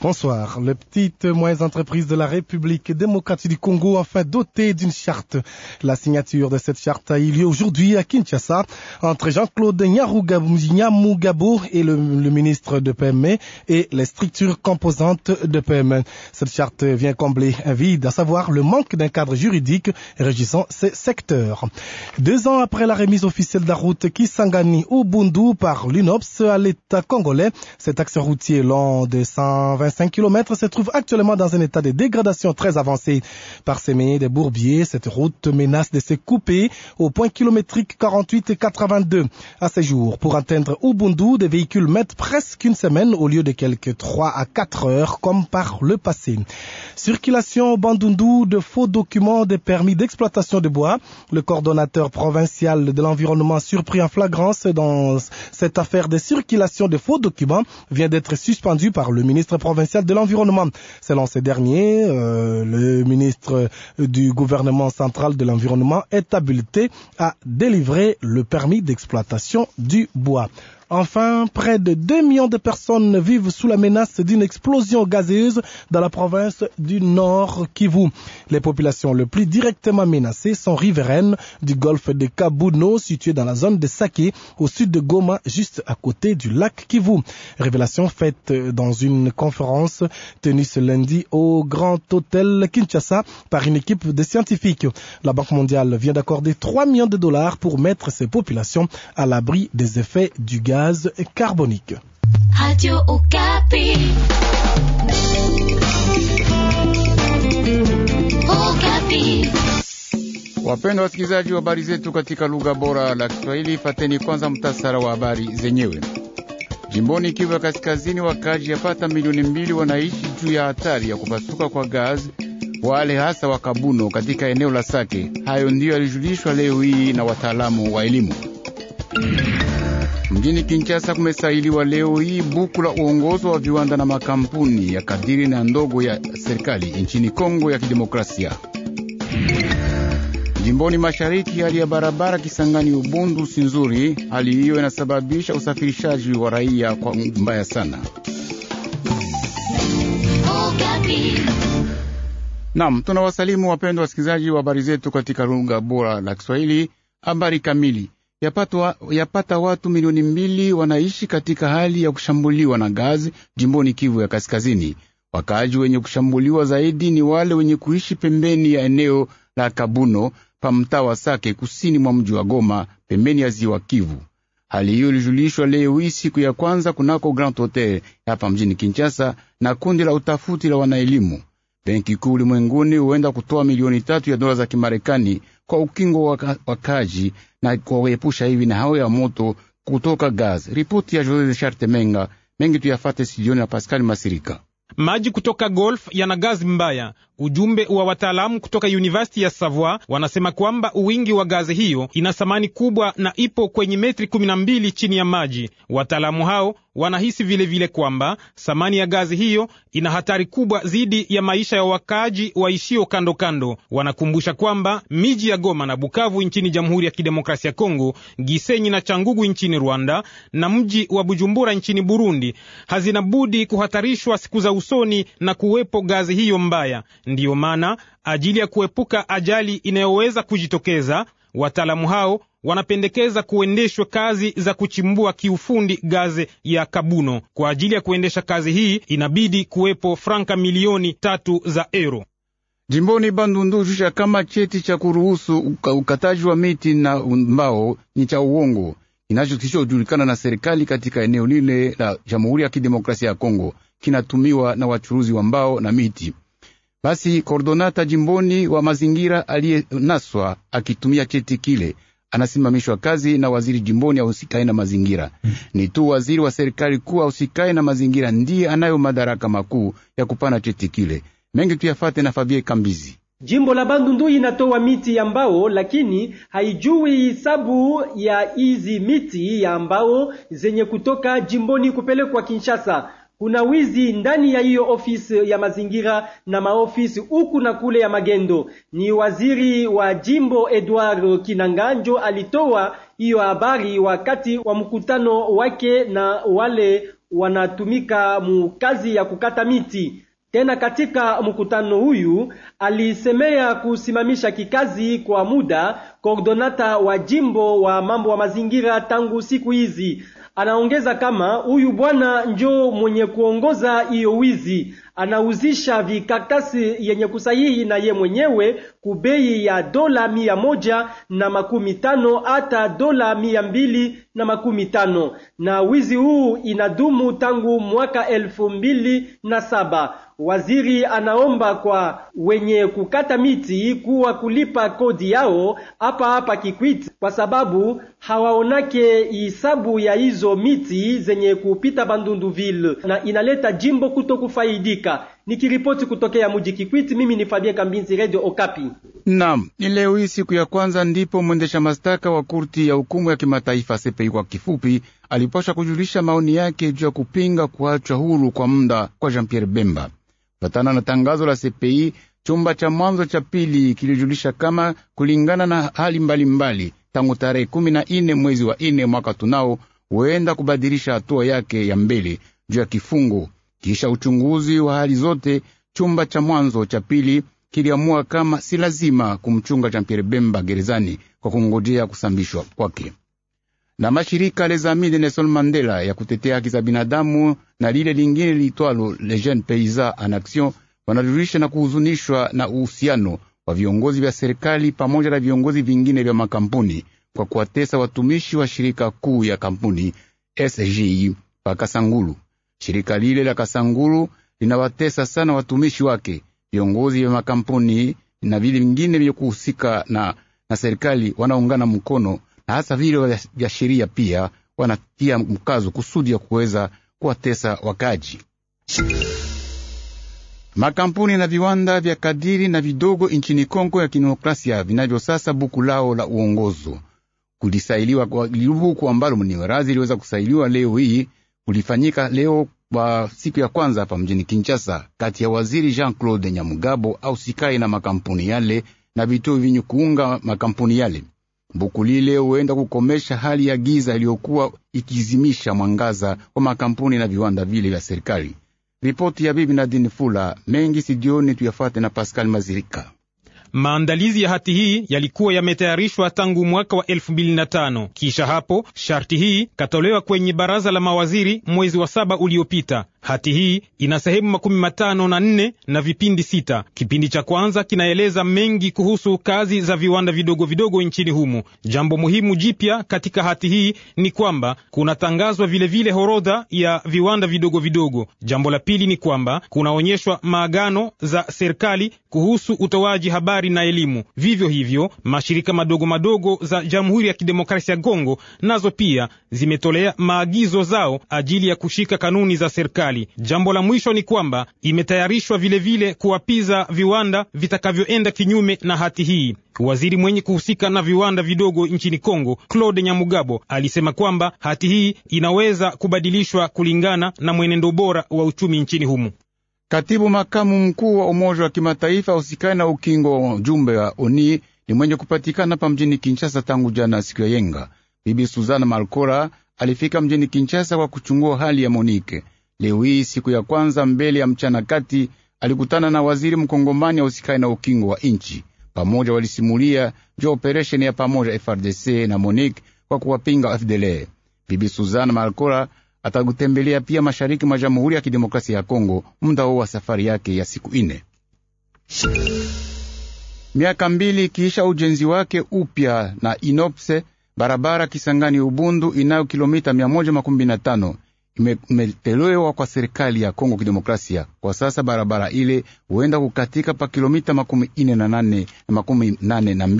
Bonsoir. Les petites et moyennes entreprises de la République démocratique du Congo enfin doté d'une charte. La signature de cette charte a eu lieu aujourd'hui à Kinshasa entre Jean-Claude Nyamugabo et le, ministre de PME et les structures composantes de PME. Cette charte vient combler un vide, à savoir le manque d'un cadre juridique régissant ces secteurs. Deux ans après la remise officielle de la route Kisangani-Ubundu par l'UNOPS à l'État congolais, cet axe routier long de 120 5 km se trouve actuellement dans un état de dégradation très avancé. Parsemé des bourbiers, cette route menace de se couper au point kilométrique 48 et 82. À ces jours. pour atteindre Ubundu, des véhicules mettent presque une semaine au lieu de quelques 3 à 4 heures comme par le passé. Circulation au Bandundu de faux documents des permis d'exploitation de bois. Le coordonnateur provincial de l'environnement surpris en flagrance dans cette affaire de circulation de faux documents vient d'être suspendu par le ministre provincial de l'environnement. Selon ces derniers, euh, le ministre du gouvernement central de l'environnement est habilité à délivrer le permis d'exploitation du bois. Enfin, près de 2 millions de personnes vivent sous la menace d'une explosion gazeuse dans la province du Nord Kivu. Les populations les plus directement menacées sont riveraines du golfe de Kabuno, situé dans la zone de Saké, au sud de Goma, juste à côté du lac Kivu. Révélation faite dans une conférence tenue ce lundi au Grand Hôtel Kinshasa par une équipe de scientifiques. La Banque mondiale vient d'accorder 3 millions de dollars pour mettre ces populations à l'abri des effets du gaz gaz carbonique. Radio Okapi. Okapi. Wapendwa wasikilizaji wa habari zetu katika lugha bora la Kiswahili, fateni kwanza mtasara wa habari zenyewe. Jimboni Kivu ya Kaskazini, wakaji yapata milioni mbili wanaishi juu ya hatari ya kupasuka kwa gazi, wale hasa wa Kabuno katika eneo la Sake. Hayo ndiyo yalijulishwa leo hii na wataalamu wa elimu. Mjini Kinshasa kumesailiwa leo hii buku la uongozo wa viwanda na makampuni ya kadiri na ndogo ya serikali nchini Kongo ya Kidemokrasia. Jimboni mashariki, hali ya barabara Kisangani Ubundu si nzuri. Hali hiyo inasababisha usafirishaji wa raia kwa mbaya sana. Naam, tunawasalimu wapendwa wasikilizaji wa habari zetu katika lugha bora la Kiswahili. Habari kamili yapata, yapata watu milioni mbili wanaishi katika hali ya kushambuliwa na gazi jimboni Kivu ya Kaskazini. Wakaaji wenye kushambuliwa zaidi ni wale wenye kuishi pembeni ya eneo la Kabuno pa mtaa wa Sake, kusini mwa mji wa Goma, pembeni ya ziwa Kivu. Hali hiyo ilijulishwa leo hii siku ya kwanza kunako Grand Hotel hapa mjini Kinshasa na kundi la utafuti la wanaelimu. Benki Kuu Ulimwenguni huenda kutoa milioni tatu ya dola za Kimarekani kwa ukingo wa wakaji na kuwaepusha hivi na hao ya moto kutoka gaz Ripoti ya Jose Sharte Menga mengi tuyafate sijioni na Pascal Masirika. Maji kutoka Golf yana gazi mbaya. Ujumbe wa wataalamu kutoka University ya Savoie wanasema kwamba wingi wa gazi hiyo ina thamani kubwa na ipo kwenye metri 12 chini ya maji. Wataalamu hao wanahisi vilevile vile kwamba thamani ya gazi hiyo ina hatari kubwa dhidi ya maisha ya wakaaji waishio kando kando. Wanakumbusha kwamba miji ya Goma na Bukavu nchini Jamhuri ya Kidemokrasia ya Kongo, Gisenyi na Changugu nchini Rwanda na mji wa Bujumbura nchini Burundi hazina budi kuhatarishwa siku za usoni na kuwepo gazi hiyo mbaya. Ndiyo maana ajili ya kuepuka ajali inayoweza kujitokeza, wataalamu hao wanapendekeza kuendeshwa kazi za kuchimbua kiufundi gaze ya Kabuno. Kwa ajili ya kuendesha kazi hii inabidi kuwepo franka milioni tatu za euro. Jimboni Bandundu jusha kama cheti cha kuruhusu ukataji wa miti na mbao ni cha uongo kinachojulikana na serikali katika eneo lile la Jamhuri ya Kidemokrasia ya Kongo, kinatumiwa na wachuruzi wa mbao na miti. Basi kordonata jimboni wa mazingira aliyenaswa akitumia cheti kile anasimamishwa kazi na waziri jimboni ahusikaye na mazingira. Ni tu waziri wa serikali kuu ahusikaye na mazingira ndiye anayo madaraka makuu ya kupana cheti kile. Mengi tuyafate na Fabie Kambizi. Jimbo la Bandundu inatoa miti ya mbao lakini haijui hisabu ya hizi miti ya mbao zenye kutoka jimboni kupelekwa Kinshasa. Kuna wizi ndani ya hiyo ofisi ya mazingira na maofisi huku na kule ya magendo. Ni waziri wa jimbo Edward Kinanganjo alitoa hiyo habari wakati wa mkutano wake na wale wanatumika mukazi ya kukata miti. Tena katika mkutano huyu alisemea kusimamisha kikazi kwa muda koordonata wa jimbo wa mambo wa mazingira tangu siku hizi. Anaongeza kama huyu bwana njo mwenye kuongoza hiyo wizi, anauzisha vikatasi yenye kusahihi na ye mwenyewe kubei ya dola mia moja na makumi tano hata dola mia mbili na makumi tano na wizi huu inadumu tangu mwaka elfu mbili na saba. Waziri anaomba kwa wenye kukata miti kuwa kulipa kodi yao hapa hapa Kikwiti, kwa sababu hawaonake hisabu ya hizo miti zenye kupita Bandunduville na inaleta jimbo kutokufaidika. Afrika. Nikiripoti kutokea mji Kikwiti, mimi ni Fabien Kambinzi, Radio Okapi. Naam, ni leo hii siku ya kwanza ndipo mwendesha mashtaka wa kurti ya hukumu ya kimataifa CPI kwa kifupi alipashwa kujulisha maoni yake juu ya kupinga kuachwa huru kwa muda kwa Jean Pierre Bemba kufatana na tangazo la CPI. Chumba cha mwanzo cha pili kilijulisha kama kulingana na hali mbalimbali tangu tarehe kumi na ine mwezi wa ine mwaka tunao huenda kubadilisha hatua yake ya mbele juu ya kifungo kisha uchunguzi wa hali zote, chumba cha mwanzo cha pili kiliamua kama si lazima kumchunga Jean-Pierre Bemba gerezani kwa kungojea kusambishwa kwake na mashirika de Nelson Mandela ya kutetea haki za binadamu na lile lingine liitwalo Les Jeunes Paysans en Action wanajulisha na kuhuzunishwa na uhusiano wa viongozi vya serikali pamoja na viongozi vingine vya makampuni kwa kuwatesa watumishi wa shirika kuu ya kampuni SGI Pakasangulu. Shirika lile la Kasangulu linawatesa sana watumishi wake, viongozi vya makampuni na vile vingine vya kuhusika na, na serikali wanaungana mkono, na hasa vile vya sheria pia wanatia mkazo kusudi ya kuweza kuwatesa wakaji. Makampuni na viwanda vya kadiri na vidogo nchini Kongo ya Kidemokrasia vinavyo sasa buku lao la uongozo kulisailiwa kwa libuku ambalo mniwerazi iliweza kusailiwa leo hii ulifanyika leo wa siku ya kwanza hapa mjini Kinshasa, kati ya waziri Jean Claude Nyamugabo au sikai na makampuni yale na vituo vyenye kuunga makampuni yale. Mbukuli leo huenda kukomesha hali ya giza iliyokuwa ikizimisha mwangaza wa makampuni na viwanda vile vya serikali. Ripoti ya bibi Nadine Fula mengi sidioni tuyafate na Pascal Mazirika. Maandalizi ya hati hii yalikuwa yametayarishwa tangu mwaka wa 2005. Kisha hapo sharti hii katolewa kwenye baraza la mawaziri mwezi wa saba uliopita. Hati hii ina sehemu makumi matano na nne na vipindi sita. Kipindi cha kwanza kinaeleza mengi kuhusu kazi za viwanda vidogo vidogo nchini humo Jambo muhimu jipya katika hati hii ni kwamba kunatangazwa vilevile horodha ya viwanda vidogo vidogo. Jambo la pili ni kwamba kunaonyeshwa maagano za serikali kuhusu utoaji habari habari na elimu. Vivyo hivyo mashirika madogo madogo za Jamhuri ya Kidemokrasia ya Kongo nazo pia zimetolea maagizo zao ajili ya kushika kanuni za serikali. Jambo la mwisho ni kwamba imetayarishwa vilevile kuwapiza viwanda vitakavyoenda kinyume na hati hii. Waziri mwenye kuhusika na viwanda vidogo nchini Kongo, Claude Nyamugabo, alisema kwamba hati hii inaweza kubadilishwa kulingana na mwenendo bora wa uchumi nchini humo. Katibu makamu mkuu wa Umoja wa Kimataifa usikani na ukingo wa jumbe wa ONI ni mwenye kupatikana pa mjini Kinshasa tangu jana siku ya yenga. Bibi Suzana Malkora alifika mjini Kinshasa kwa kuchungua hali ya Monike. Leo hii siku ya kwanza mbele ya mchana kati alikutana na waziri mkongomani ausikani na ukingo wa inchi. Pamoja walisimulia juu operesheni ya pamoja FRDC na Monique kwa kuwapinga FDLR. Bibi Suzana Malkora atakutembelea pia mashariki mwa Jamhuri ya Kidemokrasia ya Kongo muda wa safari yake ya siku ine. Miaka mbili ikiisha ujenzi wake upya na Inopse, barabara Kisangani Ubundu inayo kilomita 115 imetelewa kwa serikali ya Kongo Kidemokrasia. Kwa sasa barabara ile huenda kukatika pa kilomita makumi na na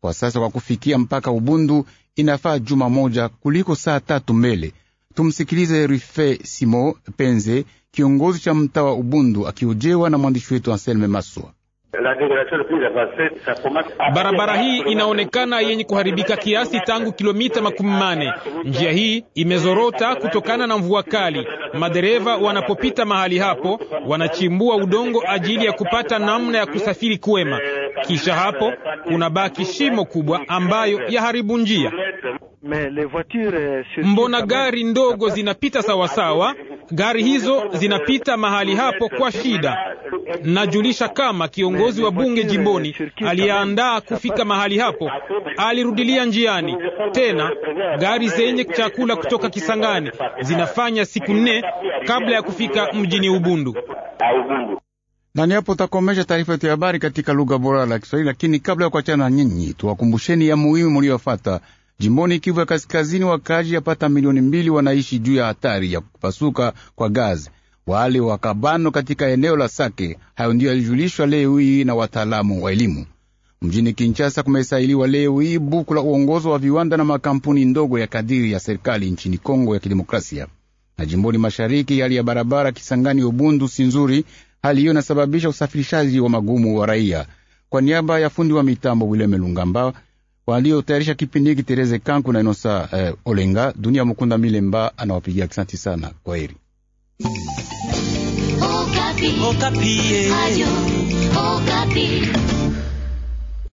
kwa sasa. Kwa kufikia mpaka Ubundu inafaa juma moja kuliko saa tatu mbele, Tumsikilize Rife Simo Penze, kiongozi cha mtaa wa Ubundu, akiojewa na mwandishi wetu Anselme Maswa. Barabara hii inaonekana yenye kuharibika kiasi tangu kilomita makumi mane. Njia hii imezorota kutokana na mvua kali. Madereva wanapopita mahali hapo wanachimbua udongo ajili ya kupata namna ya kusafiri kwema. Kisha hapo baki shimo kubwa ambayo yaharibu njia. Mbona gari ndogo zinapita sawasawa? Gari hizo zinapita mahali hapo kwa shida. Najulisha kama kiongozi wa bunge jimboni aliyeandaa kufika mahali hapo alirudilia njiani tena. Gari zenye chakula kutoka Kisangani zinafanya siku nne kabla ya kufika mjini Ubundu na ni hapo takomesha taarifa yetu ya habari katika lugha bora la Kiswahili. Lakini kabla ya kuachana na nyinyi, tuwakumbusheni ya muhimu muliofata Jimboni Kivu ya Kaskazini, wakaji yapata milioni mbili wanaishi juu ya hatari ya kupasuka kwa gazi wale wa Kabano katika eneo la Sake. Hayo ndiyo yalijulishwa leo hii na wataalamu wa elimu. Mjini Kinshasa kumesailiwa leo hii buku la uongozo wa viwanda na makampuni ndogo ya kadiri ya serikali nchini Kongo ya Kidemokrasia. Na jimboni mashariki, hali ya barabara Kisangani Ubundu si nzuri, Hali hiyo inasababisha usafirishaji wa magumu wa raia. Kwa niaba ya fundi wa mitambo Wileme Lungamba waliotayarisha kipindi hiki Tereze Kanku na Inosa eh, Olenga, Dunia Mukunda Milemba anawapigia kisanti sana. Kwa heri Okapi. Okapi. Eh.